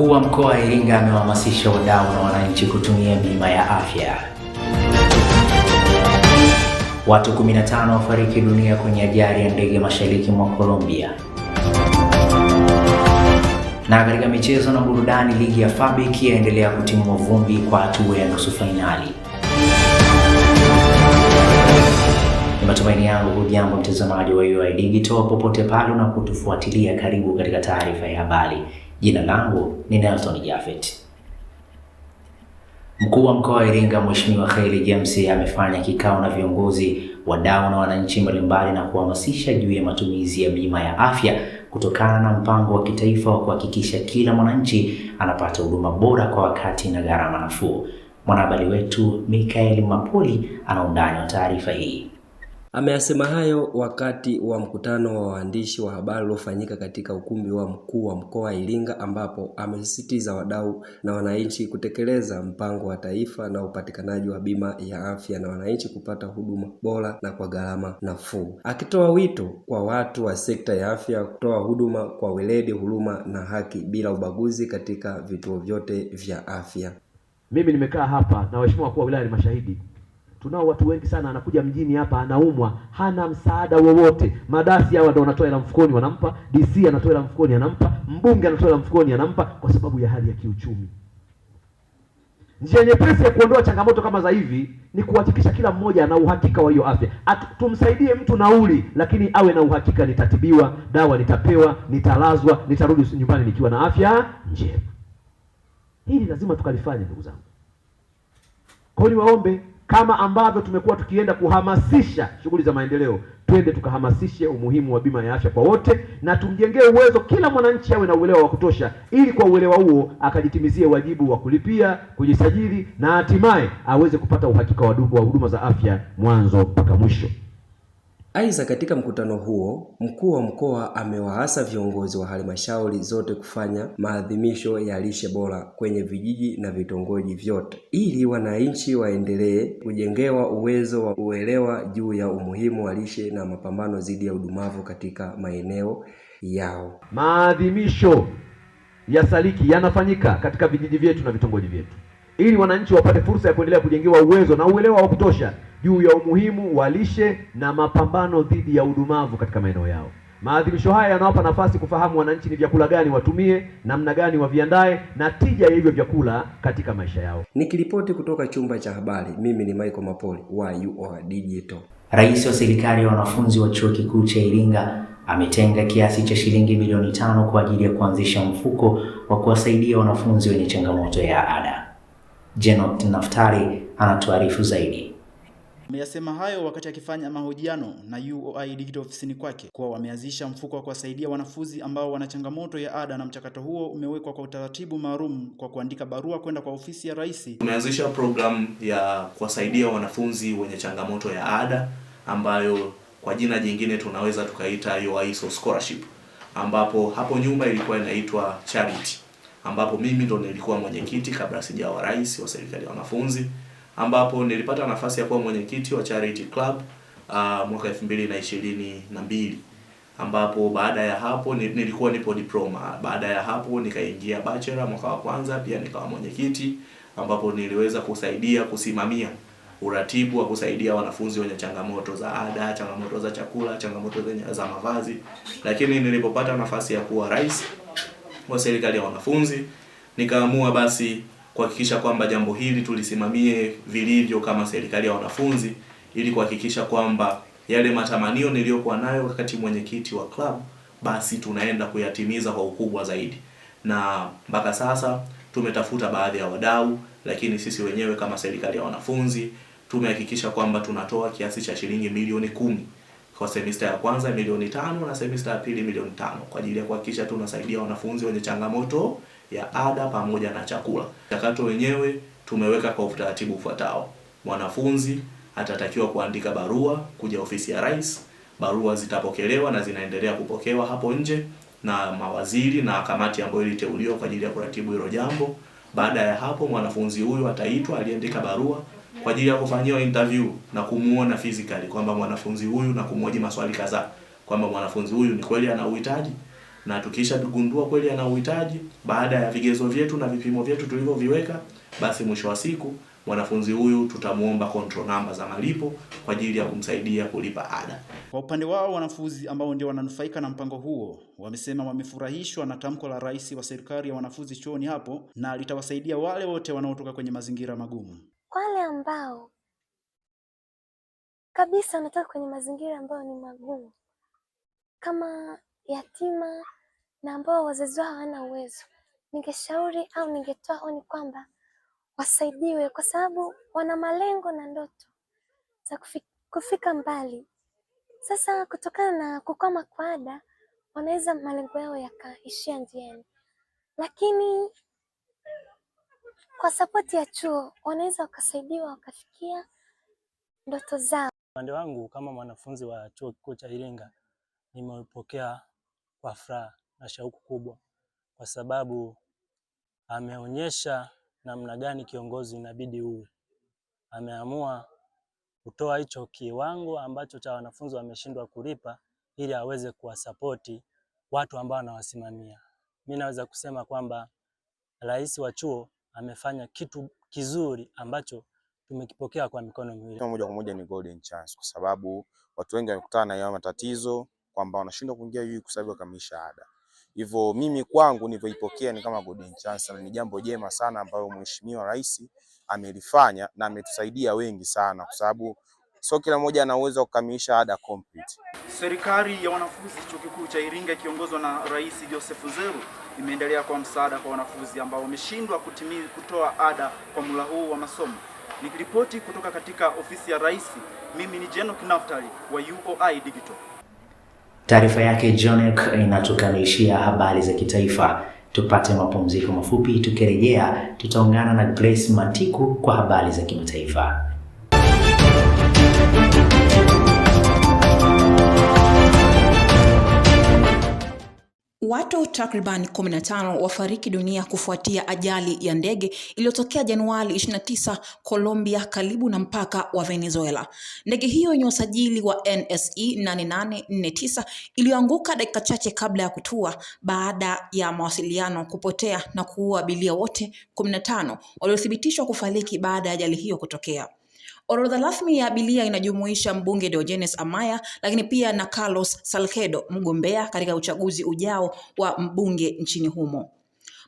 Mkuu wa Mkoa wa Iringa amewahamasisha wadau na wananchi kutumia bima ya afya. Watu 15 wafariki dunia kwenye ajali ya ndege mashariki mwa Colombia. Na katika michezo na burudani, ligi ya Fabiki yaendelea kutimua vumbi kwa hatua ya nusu fainali. Ni matumaini yangu hujambo mtazamaji wa UoI Digital popote pale unapotufuatilia, karibu katika taarifa ya habari. Jina langu ni Nelson jafet Mkuu wa mkoa wa Iringa Mheshimiwa Khairi James amefanya kikao na viongozi, wadau na wananchi mbalimbali na kuhamasisha juu ya matumizi ya bima ya afya kutokana na mpango wa kitaifa wa kuhakikisha kila mwananchi anapata huduma bora kwa wakati na gharama nafuu. Mwanahabari wetu Mikael Mapoli ana undani wa taarifa hii. Ameyasema hayo wakati wa mkutano wa waandishi wa habari uliofanyika katika ukumbi wa mkuu wa mkoa Iringa ambapo amesisitiza wadau na wananchi kutekeleza mpango wa taifa na upatikanaji wa bima ya afya na wananchi kupata huduma bora na kwa gharama nafuu, akitoa wito kwa watu wa sekta ya afya kutoa huduma kwa weledi, huruma na haki bila ubaguzi katika vituo vyote vya afya. Mimi nimekaa hapa na waheshimiwa wakuu wa wilaya ni mashahidi Tunao watu wengi sana, anakuja mjini hapa, anaumwa, hana msaada wowote. Madasi hawa ndio wanatoa hela mfukoni, wanampa. DC anatoa hela mfukoni, anampa. Mbunge anatoa hela mfukoni, anampa, kwa sababu ya hali ya kiuchumi. Njia nyepesi ya kuondoa changamoto kama za hivi ni kuhakikisha kila mmoja ana uhakika wa hiyo afya. Tumsaidie mtu nauli, lakini awe na uhakika, nitatibiwa, dawa nitapewa, nitalazwa, nitarudi nyumbani nikiwa na afya njema. Hili lazima tukalifanye, ndugu zangu. Kwa hiyo niwaombe kama ambavyo tumekuwa tukienda kuhamasisha shughuli za maendeleo, twende tukahamasishe umuhimu wa bima ya afya kwa wote, na tumjengee uwezo kila mwananchi awe na uelewa wa kutosha, ili kwa uelewa huo akajitimizie wajibu wa kulipia, kujisajili na hatimaye aweze kupata uhakika wa huduma za afya mwanzo mpaka mwisho. Aidha, katika mkutano huo mkuu wa mkoa amewaasa viongozi wa halmashauri zote kufanya maadhimisho ya lishe bora kwenye vijiji na vitongoji vyote ili wananchi waendelee kujengewa uwezo wa uelewa juu ya umuhimu wa lishe na mapambano dhidi ya udumavu katika maeneo yao. Maadhimisho ya saliki yanafanyika katika vijiji vyetu na vitongoji vyetu ili wananchi wapate fursa ya kuendelea kujengewa uwezo na uelewa wa kutosha juu ya umuhimu wa lishe na mapambano dhidi ya udumavu katika maeneo yao. Maadhimisho haya yanawapa nafasi kufahamu wananchi ni vyakula gani watumie, namna gani waviandae na tija ya hivyo vyakula katika maisha yao. Nikiripoti kutoka chumba cha habari, mimi ni Michael Mapoli wa UoI Digital. Rais wa serikali ya wanafunzi wa chuo kikuu cha Iringa ametenga kiasi cha shilingi milioni tano kwa ajili ya kuanzisha mfuko wa kuwasaidia wanafunzi wenye changamoto ya ada. Jenot Naftari anatuarifu zaidi. Ameyasema hayo wakati akifanya mahojiano na UoI Digital ofisini kwake kuwa wameanzisha mfuko wa kuwasaidia wanafunzi ambao wana changamoto ya ada, na mchakato huo umewekwa kwa utaratibu maalum kwa kuandika barua kwenda kwa ofisi ya Rais. Tumeanzisha programu ya kuwasaidia wanafunzi wenye changamoto ya ada ambayo kwa jina jingine tunaweza tukaita UoI Scholarship, ambapo hapo nyuma ilikuwa inaitwa charity ambapo mimi ndo nilikuwa mwenyekiti kabla sijawa rais wa serikali ya wanafunzi, ambapo nilipata nafasi ya kuwa mwenyekiti wa Charity Club uh, mwaka na na mbili ambapo baada ya hapo nilikuwa nipo diploma. Baada ya hapo nikaingia bachelor mwaka wa kwanza, pia nikawa mwenyekiti, ambapo niliweza kusaidia kusimamia uratibu wa kusaidia wanafunzi wenye changamoto za ada, changamoto za chakula, changamoto za mavazi. Lakini nilipopata nafasi ya kuwa rais wa serikali ya wanafunzi, nikaamua basi kuhakikisha kwamba jambo hili tulisimamie vilivyo kama serikali ya wanafunzi ili kuhakikisha kwamba yale matamanio niliyokuwa nayo wakati mwenyekiti wa club, basi tunaenda kuyatimiza kwa ukubwa zaidi, na mpaka sasa tumetafuta baadhi ya wadau, lakini sisi wenyewe kama serikali ya wanafunzi tumehakikisha kwamba tunatoa kiasi cha shilingi milioni kumi kwa semester ya kwanza milioni tano na semester ya pili milioni tano kwa ajili ya kuhakikisha tunasaidia wanafunzi wenye changamoto ya ada pamoja na chakula. Mchakato wenyewe tumeweka kwa utaratibu ufuatao: mwanafunzi atatakiwa kuandika barua kuja ofisi ya Rais. Barua zitapokelewa na zinaendelea kupokewa hapo nje na mawaziri na kamati ambayo iliteuliwa kwa ajili ya kuratibu hilo jambo. Baada ya hapo, mwanafunzi huyu ataitwa aliandika barua kwa ajili ya kufanyiwa interview na kumuona physically kwamba mwanafunzi huyu na kumhoji maswali kadhaa kwamba mwanafunzi huyu ni kweli ana uhitaji, na tukisha gundua kweli ana uhitaji, baada ya vigezo vyetu na vipimo vyetu tulivyoviweka, basi mwisho wa siku mwanafunzi huyu tutamuomba control namba za malipo kwa ajili ya kumsaidia kulipa ada. Kwa upande wao, wanafunzi ambao ndio wananufaika na mpango huo wamesema wamefurahishwa na tamko la Rais wa serikali ya wanafunzi chuoni hapo na litawasaidia wale wote wanaotoka kwenye mazingira magumu wale ambao kabisa wanatoka kwenye mazingira ambayo ni magumu kama yatima na ambao wazazi wao hawana uwezo, ningeshauri au ningetoa oni kwamba wasaidiwe, kwa sababu wana malengo na ndoto za kufika mbali. Sasa kutokana na kukwama kwa ada, wanaweza malengo yao yakaishia njiani, lakini kwa sapoti ya chuo wanaweza wakasaidiwa wakafikia ndoto zao. Upande wangu kama mwanafunzi wa chuo kikuu cha Iringa, nimepokea kwa furaha na shauku kubwa, kwa sababu ameonyesha namna gani kiongozi inabidi uwe. Ameamua kutoa hicho kiwango ambacho cha wanafunzi wameshindwa kulipa, ili aweze kuwasapoti watu ambao anawasimamia. Mimi naweza kusema kwamba rais wa chuo amefanya kitu kizuri ambacho tumekipokea kwa mikono miwili. Moja kwa moja ni golden chance, kwa sababu watu wengi wamekutana na matatizo kwamba wanashindwa kuingia UoI kwa sababu wakamilisha ada. Hivyo mimi kwangu nilivyoipokea ni kama golden chance, na ni jambo jema sana ambalo Mheshimiwa Rais amelifanya na ametusaidia wengi sana, kwa sababu sio kila mmoja ana uwezo wa kukamilisha ada complete. Serikali ya wanafunzi chuo kikuu cha Iringa ikiongozwa na Rais Joseph Nzeru imeendelea kwa msaada kwa wanafunzi ambao wameshindwa kutimiza kutoa ada kwa mula huu wa masomo. Nikiripoti kutoka katika ofisi ya Rais, mimi ni Jenock Naftali wa UoI Digital. Taarifa yake jonek inatukamilishia habari za kitaifa. Tupate mapumziko mafupi, tukirejea tutaungana na Grace Matiku kwa habari za kimataifa. Watu takriban 15 wafariki dunia kufuatia ajali ya ndege iliyotokea Januari 29 Colombia karibu na mpaka wa Venezuela. Ndege hiyo yenye usajili wa NSE 8849 iliyoanguka dakika chache kabla ya kutua baada ya mawasiliano kupotea na kuua abiria wote 15 waliothibitishwa kufariki baada ya ajali hiyo kutokea. Orodha rasmi ya abilia inajumuisha mbunge Diogenes Amaya lakini pia na Carlos Salcedo mgombea katika uchaguzi ujao wa mbunge nchini humo.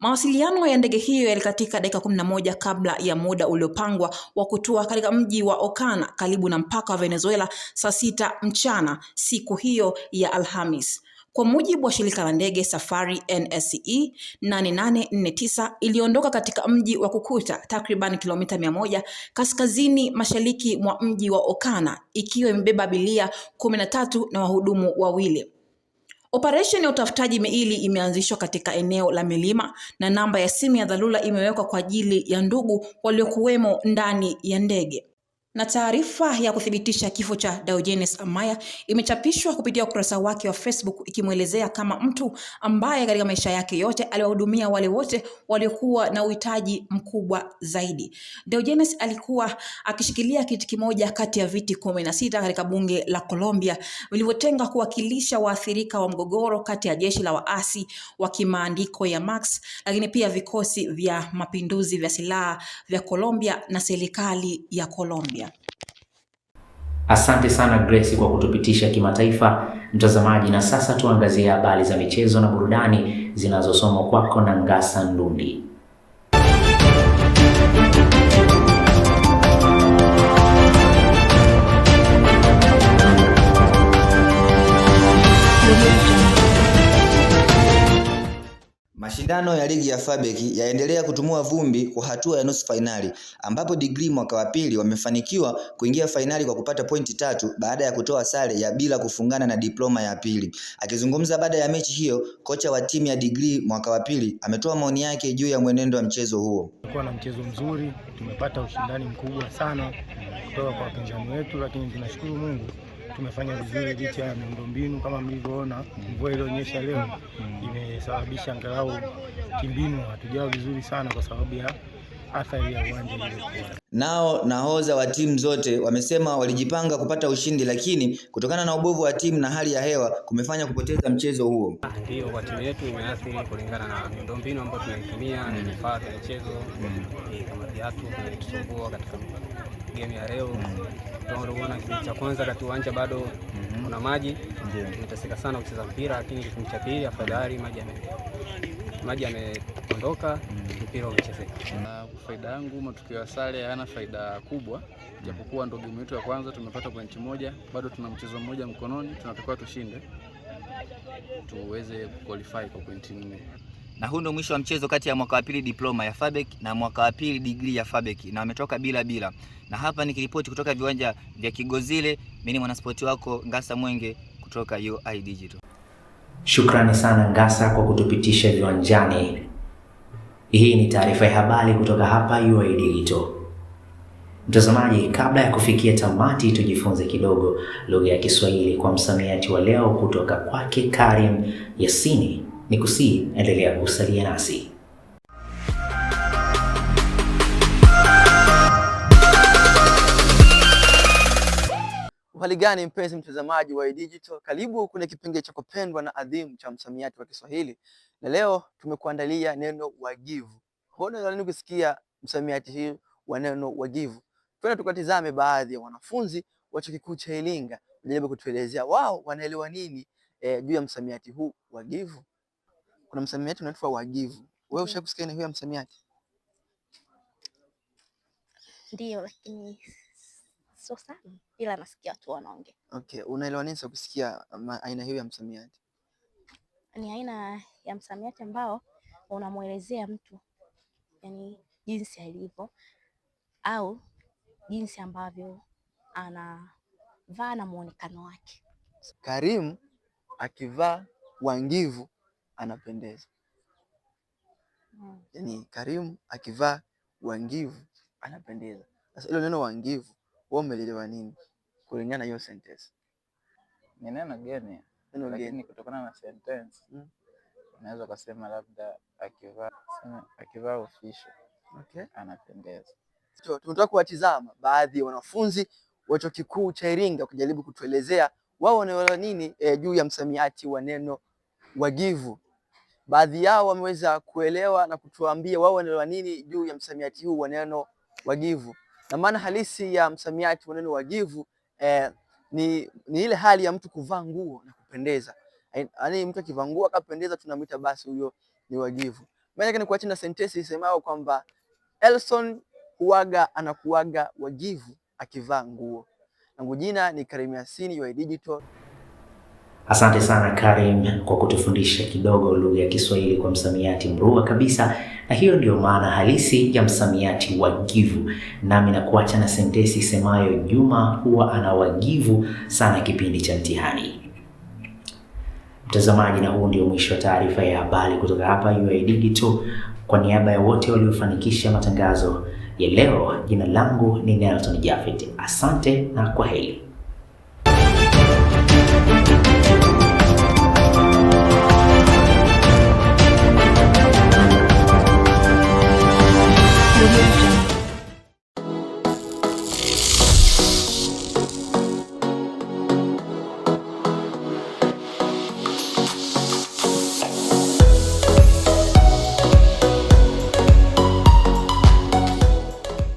Mawasiliano ya ndege hiyo yalikatika dakika kumi na moja kabla ya muda uliopangwa wa kutua katika mji wa Okana karibu na mpaka wa Venezuela saa sita mchana siku hiyo ya Alhamis. Kwa mujibu wa shirika la ndege safari NSE 8849 iliondoka katika mji wa Kukuta takriban kilomita mia moja kaskazini mashariki mwa mji wa Okana ikiwa imebeba abiria kumi na tatu na wahudumu wawili. Operation ya utafutaji miili imeanzishwa katika eneo la milima na namba ya simu ya dharura imewekwa kwa ajili ya ndugu waliokuwemo ndani ya ndege. Na taarifa ya kuthibitisha kifo cha Diogenes Amaya imechapishwa kupitia ukurasa wake wa Facebook ikimwelezea kama mtu ambaye katika maisha yake yote aliwahudumia wale wote waliokuwa na uhitaji mkubwa zaidi. Diogenes alikuwa akishikilia kiti kimoja kati ya viti kumi na sita katika bunge la Colombia vilivyotenga kuwakilisha waathirika wa mgogoro kati ya jeshi la waasi wa kimaandiko ya Marx, lakini pia vikosi vya mapinduzi vya silaha vya Colombia na serikali ya Colombia. Asante sana Grace kwa kutupitisha kimataifa, mtazamaji. Na sasa tuangazie habari za michezo na burudani zinazosomwa kwako na Ngasa Ndundi. Mashindano ya Ligi ya Fabek yaendelea kutumua vumbi kwa hatua ya nusu fainali ambapo Degree mwaka wa pili wamefanikiwa kuingia fainali kwa kupata pointi tatu baada ya kutoa sare ya bila kufungana na Diploma ya Pili. Akizungumza baada ya mechi hiyo, kocha wa timu ya Degree mwaka wa pili ametoa maoni yake juu ya mwenendo wa mchezo huo. Tumekuwa na mchezo mzuri, tumepata ushindani mkubwa sana kutoka kwa wapinzani wetu, lakini tunashukuru Mungu tumefanya vizuri licha ya miundombinu kama mlivyoona mvua ilionyesha leo imesababisha angalau kimbinu hatujawa vizuri sana kwa sababu ya athari ya uwanja uliokuwa nao. Nahodha wa timu zote wamesema walijipanga kupata ushindi, lakini kutokana na ubovu wa timu na hali ya hewa kumefanya kupoteza mchezo huo. Ndio, kwa timu yetu imeathiri kulingana na miundombinu ambayo tunaitumia, vifaa vya michezo kama viatu vinatusumbua katika game ya leo mm. unaona kipindi cha kwanza kati uwanja bado mm-hmm. kuna maji, tumeteseka sana kucheza mpira, lakini kipindi cha pili afadhali maji maji yameondoka, mm. mpira umechezeka. Kwa faida yangu, matukio ya sare hayana faida kubwa, japokuwa ndo game yetu ya kwanza, tumepata pointi moja, bado tuna mchezo mmoja mkononi, tunatakiwa tushinde tuweze kuqualify kwa pointi nne. Na huu ndio mwisho wa mchezo kati ya mwaka wa pili diploma ya Fabek na mwaka wa pili degree ya Fabek na wametoka bila bila. Na hapa nikiripoti kutoka viwanja vya Kigozile, mimi ni mwanaspoti wako Ngasa Mwenge kutoka UoI Digital. Shukrani sana Ngasa kwa kutupitisha viwanjani. Hii ni taarifa ya habari kutoka hapa UoI Digital. Mtazamaji, kabla ya kufikia tamati, tujifunze kidogo lugha ya Kiswahili kwa msamiati wa leo kutoka kwake Karim Yasini ni kusii, endelea kusalia nasi. Hali gani mpenzi mtazamaji wa iDigital, karibu kwenye kipengele cha kupendwa na adhimu cha msamiati wa Kiswahili, na leo tumekuandalia neno wagivu. Huona kusikia msamiati hii wa neno wagivu, twende tukatizame baadhi ya wanafunzi wa chuo kikuu cha Iringa wajaribu kutuelezea wao wanaelewa nini eh, juu ya msamiati huu wagivu kuna msamiati unaitwa wajivu. Wewe mm. ushakusikia huyo msamiati? Ndio, lakini sio sana, ila nasikia watu wanaongea. Okay, unaelewa nini sasa kusikia aina hiyo ya msamiati? Ni aina ya msamiati ambao unamwelezea mtu yani jinsi alivyo au jinsi ambavyo anavaa na muonekano wake. Karimu akivaa wangivu anapendeza mm. Yaani karimu akivaa wangivu anapendeza. Sasa ile neno wangivu wewe umelelewa nini kulingana na hiyo sentence? Ni neno gani? neno geni kutokana na sentence mm. Unaweza kusema labda akivaa akivaa official okay, anapendeza. Tunataka kuwatizama baadhi ya wanafunzi wa chuo kikuu cha Iringa wakijaribu kutuelezea wao wanaelewa nini eh, juu ya msamiati wa neno wagivu baadhi yao wameweza kuelewa na kutuambia wao wanaelewa nini juu ya msamiati huu wa neno wajivu, na maana halisi ya msamiati wa neno wajivu eh, ni, ni ile hali ya mtu kuvaa nguo na kupendeza. Yaani mtu akivaa nguo akapendeza, tunamwita basi huyo ni wajivu. Maana ni na sentensi isemayo kwamba Elson huaga anakuaga wajivu akivaa nguo. Langu jina ni Karim Yasin UoI Digital. Asante sana Karim kwa kutufundisha kidogo lugha ya Kiswahili kwa msamiati mrua kabisa, na hiyo ndiyo maana halisi ya msamiati wagivu. Nami nakuacha na sentesi semayo Juma huwa anawagivu sana kipindi cha mtihani. Mtazamaji, na huu ndio mwisho wa taarifa ya habari kutoka hapa UoI e Digital. Kwa niaba ya wote waliofanikisha matangazo ya leo, jina langu ni Nelson Jafet. Asante na kwa heri.